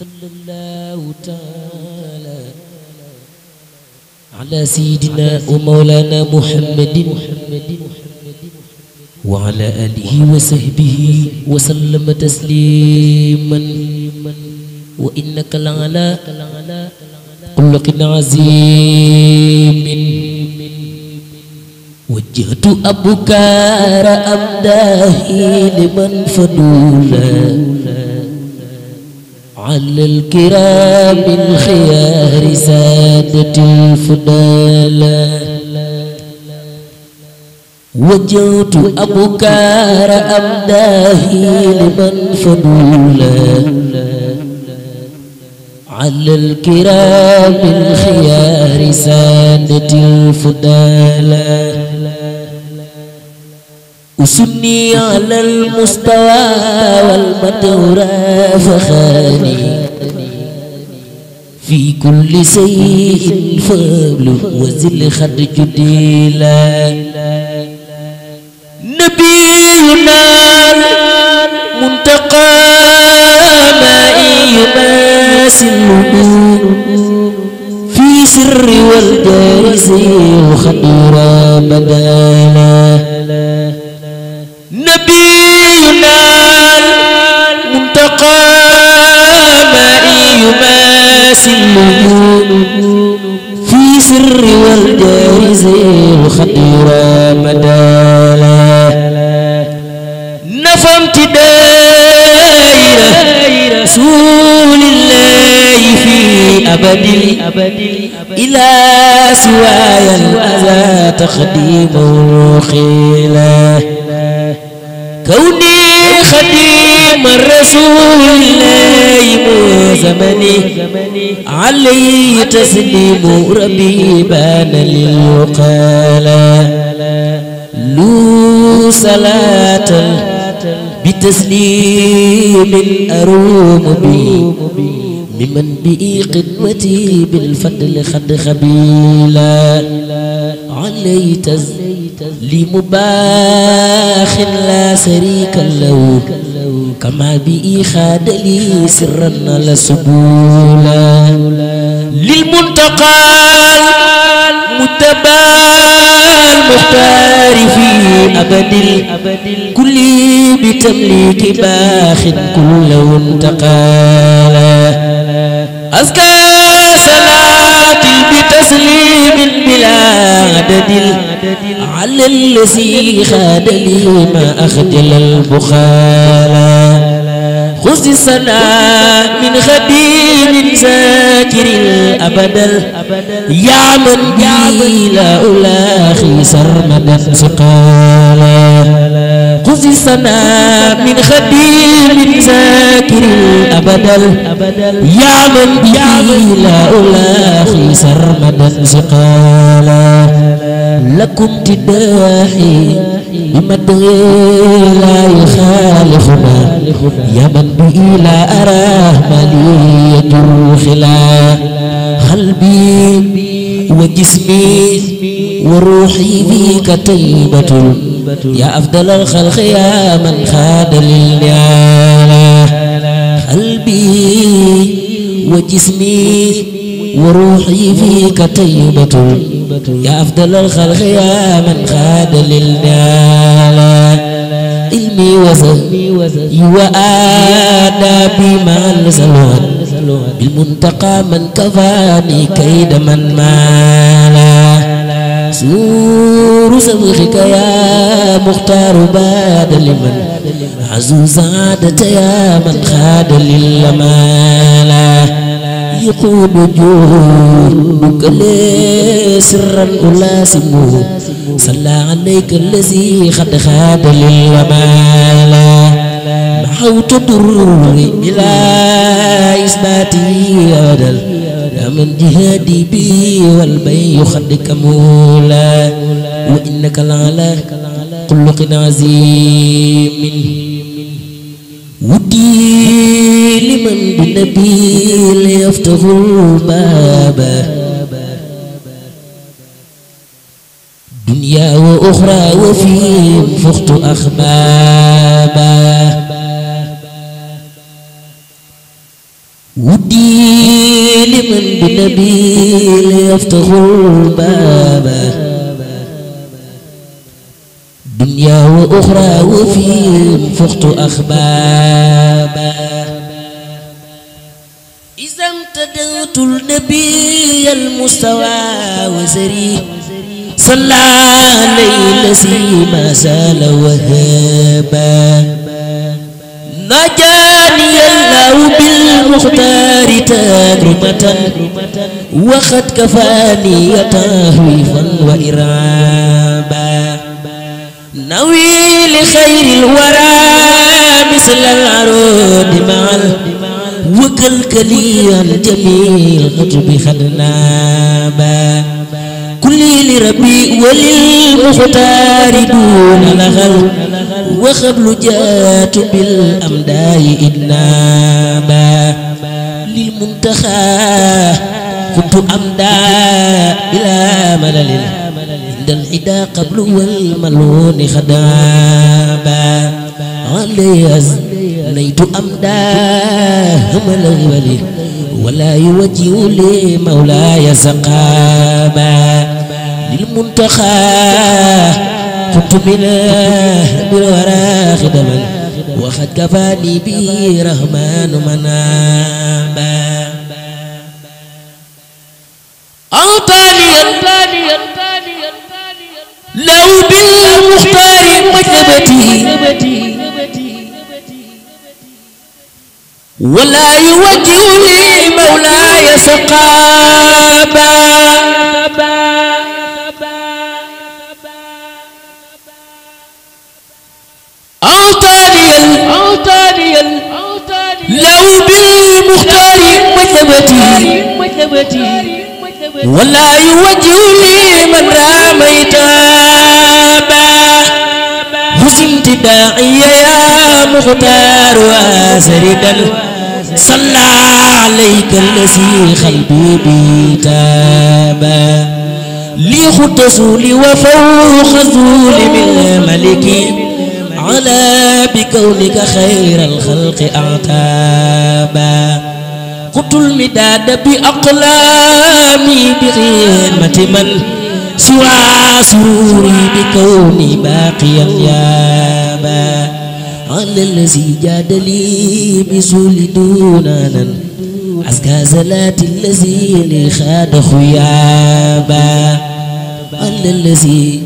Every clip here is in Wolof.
sallallahu taala ala sayyidina wa mawlana muhammadin wa ala alihi wa sahbihi wa sallama tasliman wa innaka la ala xuluqin azimin wajjahtu abkaara amdaahi liman fadula على الكرام الخيار سادة الفضلاء وجوت أبكار أمداهي لمن فضولا على الكرام الخيار سادة الفضلاء وسني على المستوى والمدور فخاني في كل شيء فابل وزل خد جديلا نبينا منتقى ما يماثل في سر والدارس وخدر بدانا سيله في سر والجار زين خطيرا مدالا نفمت دائرة رسول الله في أبد إلى سوايا الأذى تخديمه خيله كوني خديم الرسول الله زمني علي تسليم ربي بان للقال لو صلاة بتسليم أروم بي ممن بإيق خدمتي بالفضل خد خبيلا عليت لمباخ لا شريك له كما بي خاد لي سرا لسبولا للمنتقى متبا المختار في أبد الكل بتمليك باخ كل انتقالا أزكى صلاة بتسليم بلا عدد على الذي خاد لي ما أخجل البخارى خذ الصلاة من خديم ذاكر أبدا يا من بي لا ألاخي سرمدا سقالا قصصنا من خديم ساكر أبدا يا من به لا ألاخي سرمدا سقالا لكم تداحي بمدغ لا يخالفنا يا من به لا أراه مالية خلا قلبي wa jismi wa ruuxi bika taybatul yaa afdalal xalq yaa man xaada lil yàlla qalbi wa jismi wa ruuxi bika taybatul yaa afdalal xalq yaa man xaada lil yàlla ilmi wa sahbi wa adabi ma al salwan بالمنتقى من كفاني كيد من مالا سور صدقك يا مختار باد لمن عزو سعادة يا من خاد للمالا يقود جورك لي سرا ألاسمه صلى عليك الذي قد خاد للمالا دعوت ضروري إلى إثباتي أبدا من جهادي بي والبي خدك مولا وإنك لعلى خلق عظيم ودي لمن بالنبي ليفتح الباب دنيا وأخرى وفيهم فخت أخبابا ودي لمن بالنبي ليفتح الباب دنيا وأخرى وفيهم فخت أخبابا إذا امتدوت النبي المستوى وزريه صلى عليه الذي ما زال وهابا نجاني الله بالمختار تجربة وقد كفاني تهويفا وإرابا نوي لخير الورى مثل العروض مع وكلكلي الجميل قد بخدنابا kulli li rabbi walil muxtaari duuna laxal waxablu jaatu bil amdaayi idnaaba lil muntaxaa kuntu amdaa ilaa malalin indal idaa qablu wal maluuni xadaaba alayas naytu amdaa hëmala wali walaa yuwajjihu li mawlaaya saqaaba للمنتخى قمت بلا بالورى خدما وقد كفاني به رحمن منابا أعطاني لو بالمختار مكتبتي ولا يوجه لي مولاي سقابا متبتي ولا يوجه لي من رام يتابع حسنت داعي يا مختار واسردا صلى عليك الذي قلبي بيتابا لي خدسولي وفوق ذولي من ملكي على بكونك خير الخلق أعتابا أسقط المداد بأقلامي بغيمة من سوى سروري بكوني باقيا يابا على الذي جاد لي بزول دونانا أزكى زلات الذي لي خاد خيابا على الذي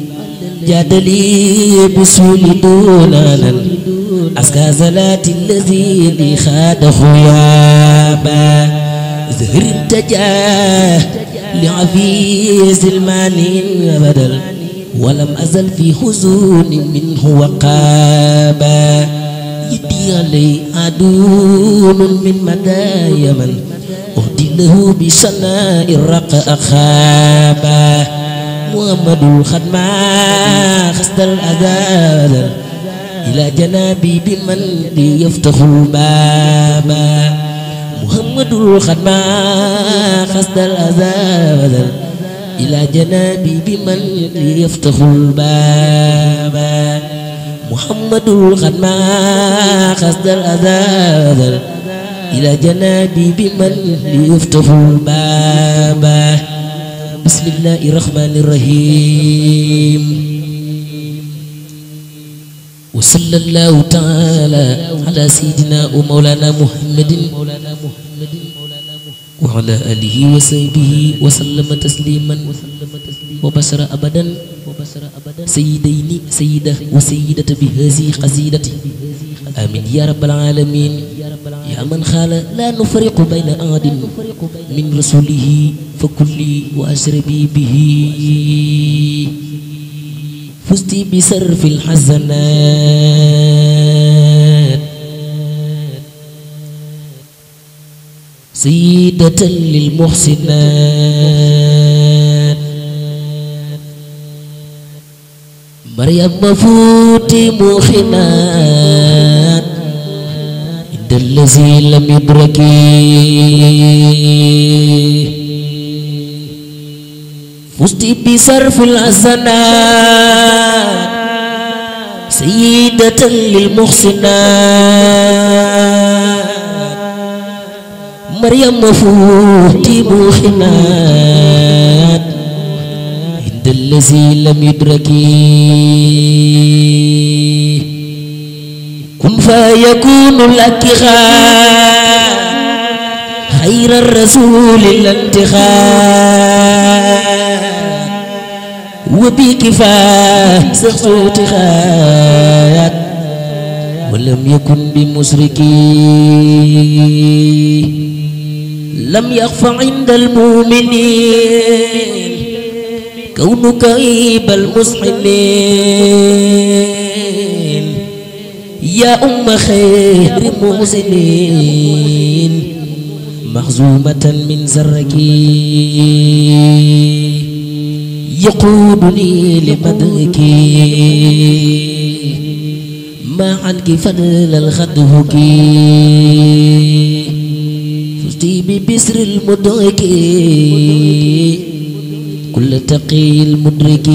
جاد لي بزول دونانا أسكى زلات الذي خاد خيابا زهر التجاه لعفيز المانين بدل ولم أزل في حزون منه وقابا يدي علي عدون من مدى يمن أهدي له بسناء الرق أخابا محمد الخدمة خست الأذى إلى جنابي بمن يفتح بابا محمد الخدمة خسد الأذى إلى جنابي بمن يفتح الباب محمد الخدمة خسد الأذى إلى جنابي بمن يفتح الباب بسم الله الرحمن الرحيم wa sallallahu taala ala sayyidina wa mawlana muhammadin wa ala alihi wa sahbihi wa sallama tasliman wa bashara abadan sayyidayni sayyida wa sayyidata bi hazi qasidati amin ya rabbal alamin ya man xaala la nufariqu bayna ahadin min rasulihi fa kulli wa ashrabi bihi فزت بسرف الحسنات سيدة للمحسنات مريم مفوتي موخنات عند الذي لم يدركي مستيبي صرف الحسنات سيدة للمحسنات مريم مفوتي موحنات عند الذي لم يدركي كن فيكون لك خير الرسول الانتخاب وبكفاء سقوط خايات ولم يكن بمشركي لم يخف عند المؤمنين كون كيب المسلمين يا أم خير المؤمنين مخزومة من زركين يقودني لمدركي ما عنك فضل الخدهك فزت ببسر المدرك كل تقي المدرك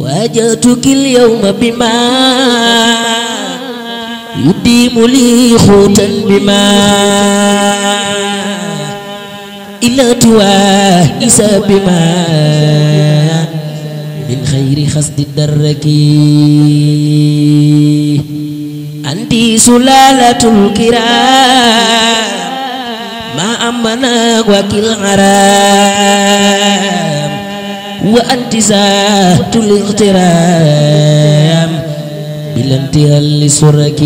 واجاتك اليوم بما يديم لي خوتا بما إلا توائس بما من خير خسد الدرك أنت سلالة الكرام ما أمنا وكل عرام وأنت ذات الاغترام بلا انتهاء لسرك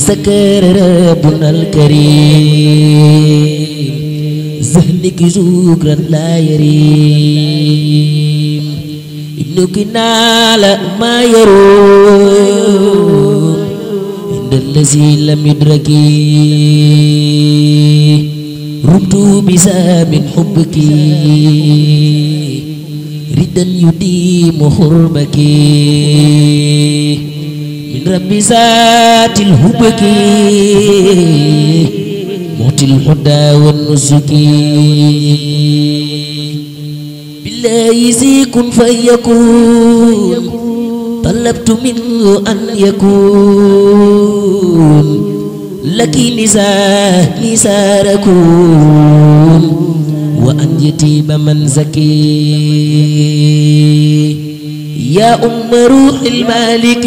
سكر ربنا الكريم ذهنك شكرا لا يريم ابنك نال ما يروم عند الذي لم يدركي رمت بسام حبك ردا يديم حرمك من رب ذات الهبك موت الهدى والنسك بالله زي كن فيكون طلبت منه أن يكون لك نزاه نزاركم وأن يتيب من زكي يا أم روح المالك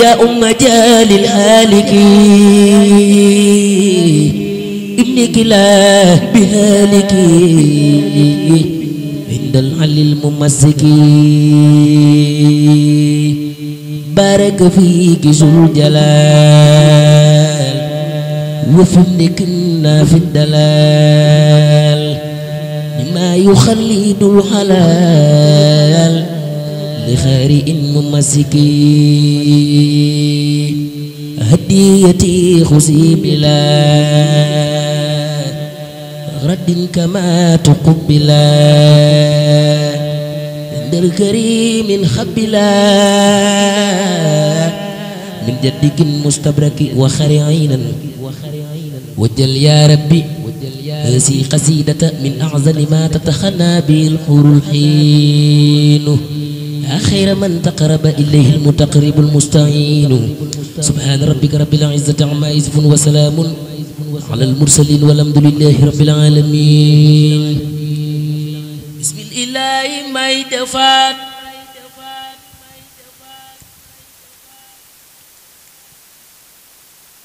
يا أم جال الهالك ابنك لا بهالك عند العلي الممسك بارك فيك ذو الجلال وفي ابنك في الدلال ما يخلد الحلال لخارئ ممسك هديتي خزي بلا رد كما تقبلا عند الكريم خبلا من جدك مستبرك وخرعينا وجل يا ربي هذه قصيدة من أعظم ما تتخنى به الحور الحين أخير من تقرب إليه المتقرب المستعين سبحان ربك رب العزة عما يصفون وسلام على المرسلين والحمد لله رب العالمين بسم الله may defaat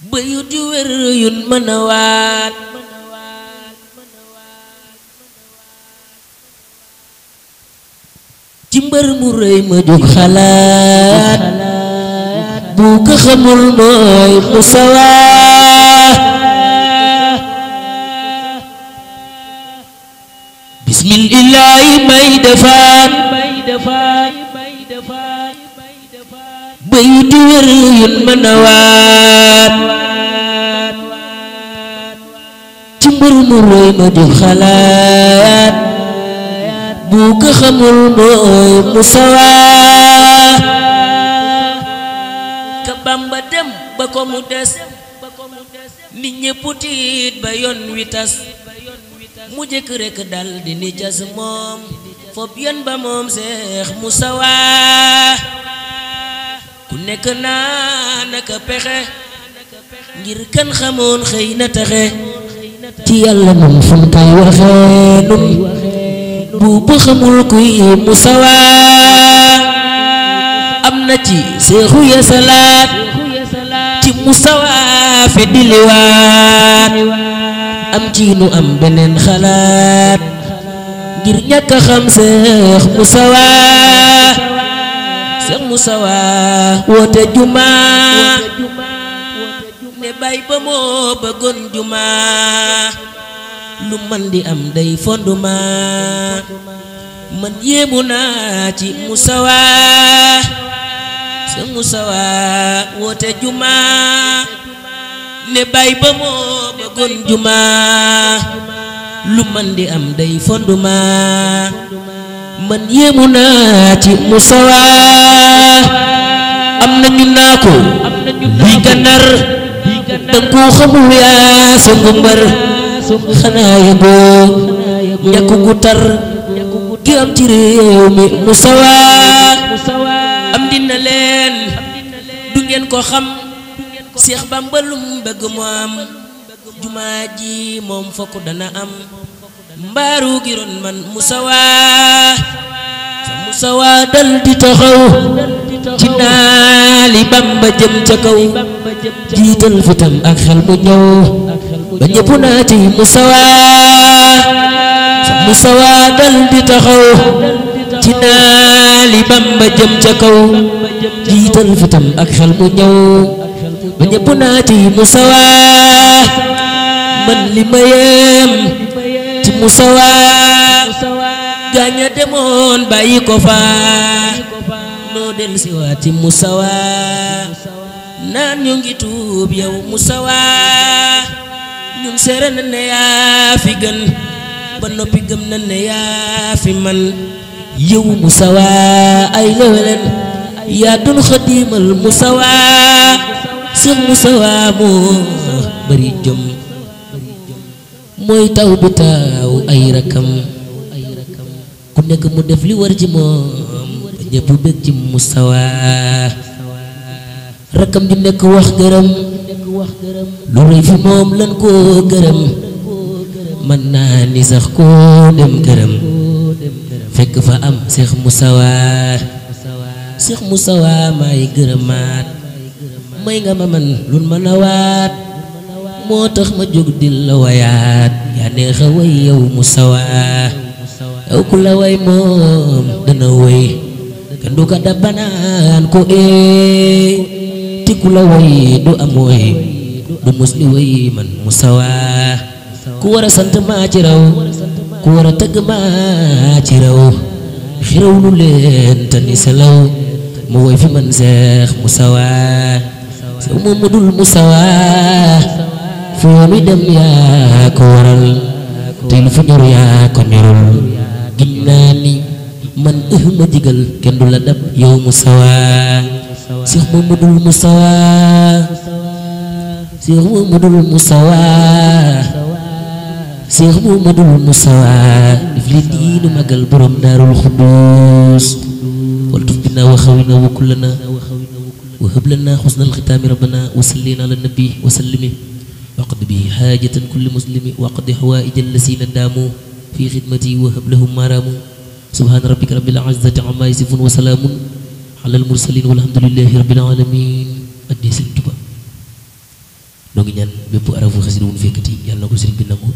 ba yu di wér yu mën a waat ci mbër mu rëy xalaat bu ko xamul mooy musawaa bismillaahi may defaan bayu di wér yun mën a mbër mu bu ko xamul mooy musawa ka bamba dem ba ko mu des nit ñépp tiit ba yoon wi tas mu jëkk rekk dal di ni cas moom fob yan ba moom seex musawa ku nekk naa naka pexe ngir kan xamoon xëy na taxe ci yàlla moom fu mu koy waxe buubu xamul kuy musawa am na ci seexu ya salaat ci musawa fe diliwaat am ci nu am beneen xalaat ngir ñàkk xam seex musawa seex musawa woote juma ne bay ba moo bëggoon juma lu man di am day fondement man yéemu naa ci musawa sa musawa woote juma ne lu man di am day fondement man am nañu naa yaa sa ngumbar xanaa yëgoo ñàkk gu tar gi am ci réew mi mu sawaa am dina leen du ngeen ko xam Seex Bàmba lu bëgg mu am jumaa ji moom fokk dana am mbaaru gi ron man mu sawaa mu sawaa dal taxaw ci naali Bàmba jëm ca kaw jiital fitam ak xel mu ñëw ba ñëpp naa ci musawa musawa dal di taxaw ci naali bamba jëm ca kaw jiital fitam ak xel mu ñëw ba ñëpp naa ci musawa man li ma yem ci musawa gaaña demoon bàyyi ko fa noo del siwaat ci musawa naan ñu ngi tuub yow musawa ñun seere na ne yaa fi gën ba noppi gëm na ne yaa fi man yow musawaa ay leweleen yaa dun xadiimal musawaa sëx musawaa moo bari jëm mooy taw bi taaw ay rakam ku nekk mu def li war ci moom ñëpp bëgg ci musawaa rakam ju nekk wax gërëm lu rëy fi moom lan koo gërëm mën naa ni sax koo dem këram fekk fa am Cheikh Moussawa Cheikh Moussawa may gërëmaat may nga ma man lun mën a moo tax ma jóg di la wayaat yaa neex a way yow Moussawa yow ku la moom dana way kenn du ko dabanaan ko ee ku la way du am way du mus li way man musawaa ku war sant maa raw ku war a tëgg raw xiraw lu leen te ni salaw mu way fi man seex musawaa sew moom mu dul musawaa fu yaa ko waral tey lu fi ñor yaa ko ñorul giñ man ëh kenn du la dab yow musawaa Cheikh Mamadou Moustapha Cheikh Mamadou Moustapha Cheikh Mamadou Moustapha daf leen diinu magal borom daarul xuddus wal tuf bina wa xawina wa kullana wa hab lana xusnal xitaami rabbana wa sallina ala nabi wa sallimi waqdi bi xaajatan kulli muslimi waqdi xawaaija allasina daamu fi xidmati wa hab lahum maraamu subhaana rabbika rabbil izzati amma yasifun wa salaamun alal mursalin walhamdulillahi rabbil alamin addi sëriñ Tuba noo ngi ñaan bépp arafu xasida wu ñu fekkati yàlla na ko sëriñ bi nangu